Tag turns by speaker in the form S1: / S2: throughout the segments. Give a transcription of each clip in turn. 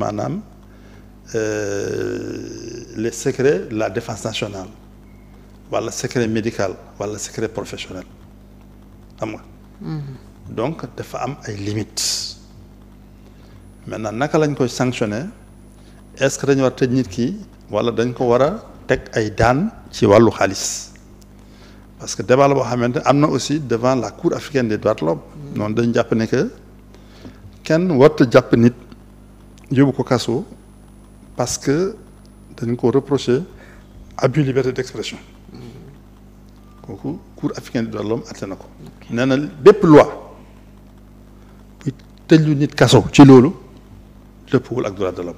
S1: maanaam euh, les secrets de la défense nationale wala secret médical wala secret professionnel xam nga.
S2: Mm-hmm.
S1: donc dafa am ay limites. maintenant naka lañ koy sanctionner est-ce que dañu war a nit ki wala dañ ko war a teg ay daan ci wàllu xaalis. parce que débat boo xamante am na aussi devant la cour africaine des droits de mm-hmm. noonu dañu jàpp ne kenn warta jàpp nit yóbbu ko kaso parce que dañ ko reproché abus liberté d'expression kooku cour africaine des droits de l'homme na ko nee na bépp loi bu tëjlu nit kaso ci loolu dëppwul ak droit de l'homme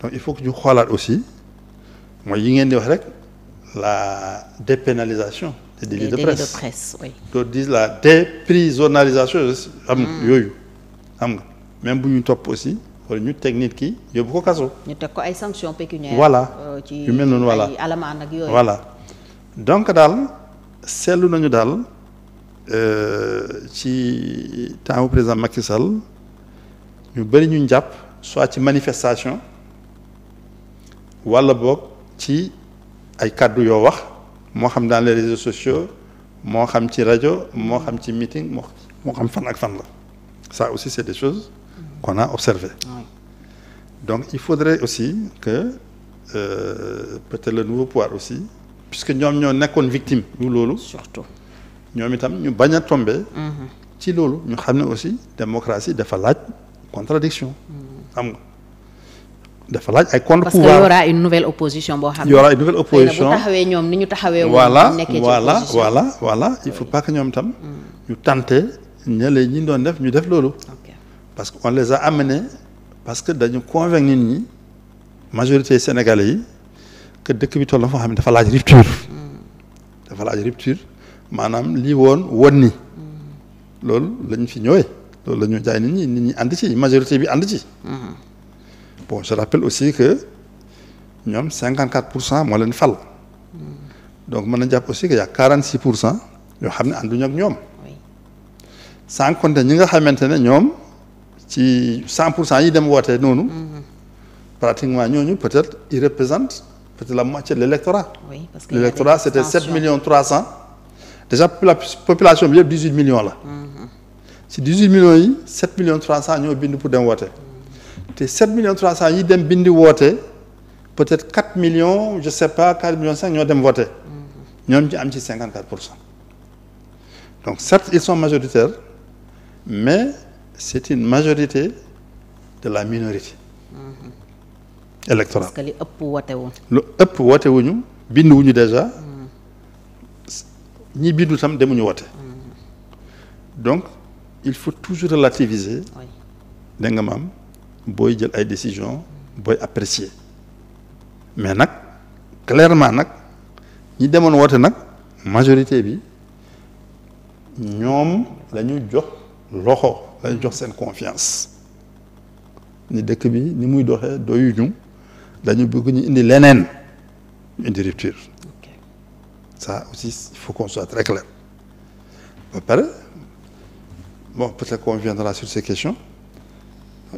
S1: donc il faut que ñu xoolaat aussi mooy yi ngeen di wax rek la dépénalisation des délits de presse d'autres disent la déprisonnalisation am mm. yooyu am nga même bu ñu topp aussi wala ñu teg nit ki yóbbu ko kaso.
S2: ñu teg ko ay sanctions pécuniaires. voilà euh, yu mel noonu voilà alamaan ak yooyu. voilà
S1: donc daal seetlu nañu daal euh, ci temps président Macky Sall ñu bëri ñu jàpp soit ci manifestation wala boog ci ay kàddu yoo wax moo xam dans les réseaux sociaux moo xam ci rajo moo xam ci meeting moo moo xam fan ak fan la ça aussi c'est des choses. qu'on a observé oui. donc il faudrait aussi que euh, peut nouveau pouvoir aussi puisque ñoom ñoo nekkoon victime yu loolu surtout ñoom itam ñu baña a mhm. ci loolu ñu xam ne aussi démocratie dafa laaj contradiction mhm. xam nga dafa laaj ay contre pouvoir parce que y aura
S2: une nouvelle opposition boo xam ne bu taxawee ñoom ni ñu taxawee
S1: ñoom itam mhm. ñu tenter ña leen ñi doon def ñu def loolu parce qu'on les a amenés parce que dañu convaincre nit ñi majorité sénégalais yi que dëkk bi toll na foo xam ne dafa laaj rupture. Mm. dafa laaj rupture maanaam lii woon woon ni mm. loolu lañu fi ñëwee loolu la ñu nit ñi nit ñi ànd ci majorité bi ànd ci. Mm-hmm. bon je rappelle aussi que ñoom 54 pour cent moo leen fal. Mm. donc mën na jàpp aussi que y' a 46 pour cent yoo xam ne ànduñu ak ñoom. sans compter nga xamante ne ñoom. ci cent pour cent yi dem wootee noonu. pratiquement ñooñu peut-être ils représentent peut-être la moitié de l'électorat. parce que l'électorat c'était sept millions trois cent. déjà population bi yëpp dix huit million la. ci mm-hmm. dix huit millions yi sept millions trois cent ñoo bind pour dem woote. te sept millions trois cent yi dem bindi woote peut-être quatre million je sais pas quatre millions cinq ñoo dem woote. Mm-hmm. ñoom ci am ci cinquante pour cent. donc certes ils sont majoritaires mais. c'est une majorité de la minorité. Mhm. électorale parce lu ëpp wote wuñu bindu wuñu déjà. Mhm. ñi bindu tam demuñu wote. Mhm. donc il faut toujours relativiser. da nga maam booy jël ay décisions booy apprécier mais nag clairement nag ñi demoon wote nag majorité bi ñoom lañu jox. loxo lañ jox seen confiance ni dëkk bi ni muy doxee doyu ñu dañu bëgg ñu indi leneen ñu indi rupture ça aussi il faut clair ba bon peut-être sur ces questions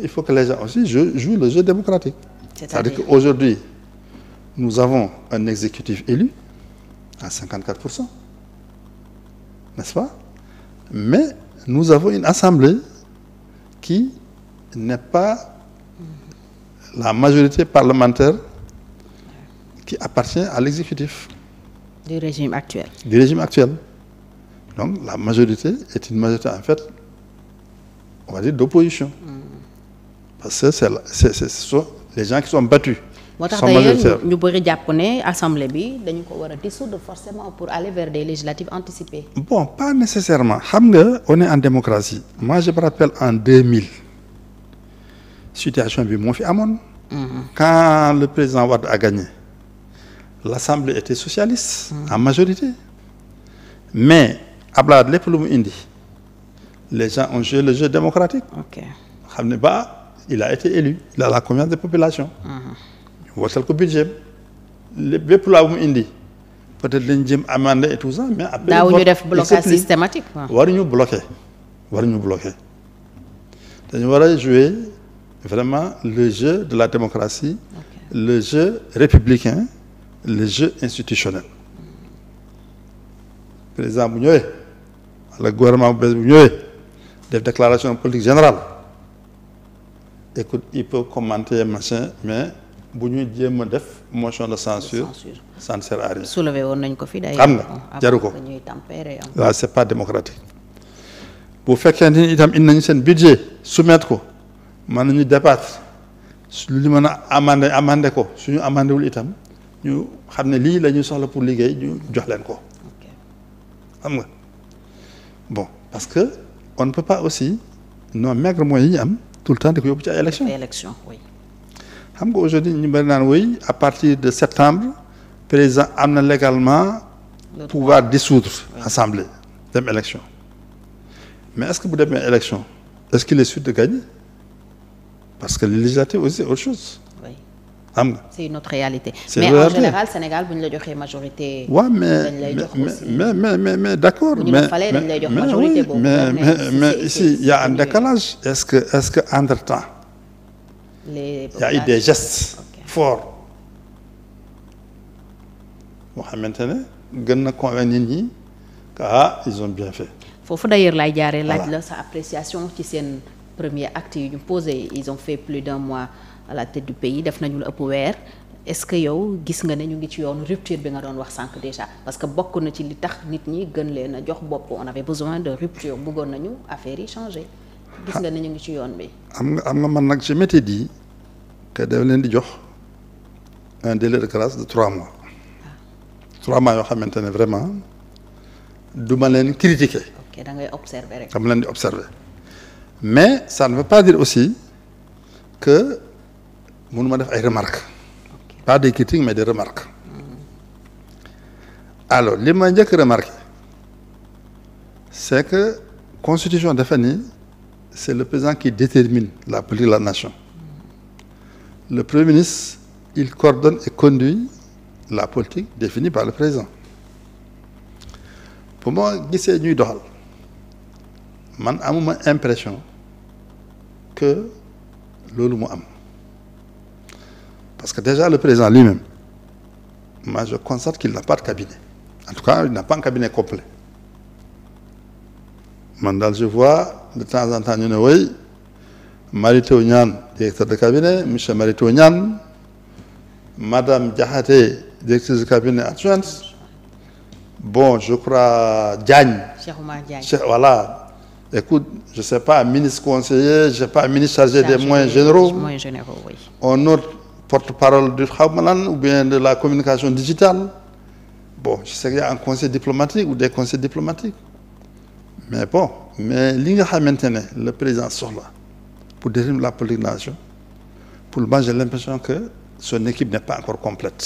S1: il faut que les gens aussi jouent le jeu démocratique c'est-à-dire c'est qu'aujourd'hui nous avons un exécutif élu à pour cent n'est-ce pas mais nous avons une assemblée qui n'est pas la majorité parlementaire qui appartient à l'exécutif.
S2: Du régime actuel.
S1: Du régime actuel. Donc la majorité est une majorité en fait, on va dire d'opposition. Mm. Parce que c'est, ce sont les gens qui sont battus. moo tax d'ailleurs ñu
S2: bëri jàpp ne assemblée bi dañu ko war a dissoudre forcément pour aller vers des législatives anticipées.
S1: bon pas nécessairement xam nga on est en démocratie. moi je me rappelle en situation bi moo fi amoon. Mhm. quand le président Wade a gagné l'assemblée était socialiste. Mhm. en majorité. mais Ablaye lépp lu mu indi les gens ont joué le jeu démocratique. ok xam ne ba il a été élu. il a la confiance des populations. Mhm. wootal ko budget lépp lépp loi bu mu indi peut-être dañ jëm amende et tout ça mais. après daawuñu def blocage systématique waruñu bloqué waruñu bloqué dañu war a jouer vraiment le jeu de la démocratie okay. le jeu républicain le jeu institutionnel président bu ñëwee le gouvernement bu bees bu ñëwee def déclaration politique générale écoute il peut commenter machin mais bu ñuy jéem a def motion de censure ça ne sert à
S2: woon nañ ko fi day am na jaru ko waaw
S1: c'est pas démocratique bu fekkee ni itam indi nañu seen budget sumet ko man nañu débattre lu ñu mën a amande amandé ko suñu amandé wul itam ñu xam ne lii lañuy soxla pour liggéey ñu jox leen ko am nga bon parce que on ne peut pas aussi non maigre moyens yi ñu am tout le temps di ko yóbbu ci ay élection xam nga aujourd'hui ñu bari naan woy à partir de septembre président am na légalement pouvoir dissoudre assemblée dem élection mais est-ce que bu demee élection est-ce qu'il est sûr de gagner parce que les législatives aussi c'est autre chose nga c'est une autre réalité. c'est mais en général
S2: Sénégal bu ñu la joxee mais mais
S1: mais mais mais d'accord. mais mais ici il y a un décalage. est-ce que est-ce que entre-temps.
S2: les populations. Il y a eu des
S1: gestes xamante ne gën na convaincre nit ñi que ah ils ont bien fait.
S2: foofu d'ailleurs lay jaaree laaj la sa appréciation ci seen premier acte yu ñu posé ils ont fait plus d'un mois à la tête du pays def nañu la ëpp weer est-ce que yow gis nga ne ñu ngi ci yoon rupture bi nga doon wax sànq déjà parce que bokk na ci li tax nit ñi gën leen a jox bopp on avait besoin de rupture bëggoon nañu affaire yi changer. gis nga ni ñu am
S1: nga am nga man nag ci métier yi que dañ leen di jox un délai de grâce de trois mois ah. trois mois yoo xamante ne vraiment du ma leen critiquer.
S2: ok ngay observer rek.
S1: dama leen di observer mais ça ne veut pas dire aussi que mënu def ay remarques. Okay. pas des critiques mais des remarques. Hmm. alors li ma njëkk remarqué c'est que constitution dafa ni c'est le président qui détermine la politique de la nation. Le Premier ministre, il coordonne et conduit la politique définie par le président. bu ma gisee ñuy doxal man amuma impression que loolu mu am parce que déjà le président lui-même moi je constate qu'il n'a pas de cabinet en tout cas il n'a pas un cabinet complet man je vois de temps en temps ñu ne woy Mary Teuw Niane directeur de cabinet monsieur Mary Teuw Niane madame Diakhaté directrice de cabinet adjointe bon je crois Diagne Cheikh Oumar Diagne voilà écoute je sais pas ministre conseiller je sais pas ministre chargé des moyens généraux moyens autre porte-parole du xaw ma lan ou bien de la communication digitale bon je sais qu'il y un conseil diplomatique ou des conseils diplomatiques mais bon mais li nga xamante ne le président soxla pour définir la politique de la nation pour moi j'ai l'impression que son équipe n'est pas encore complète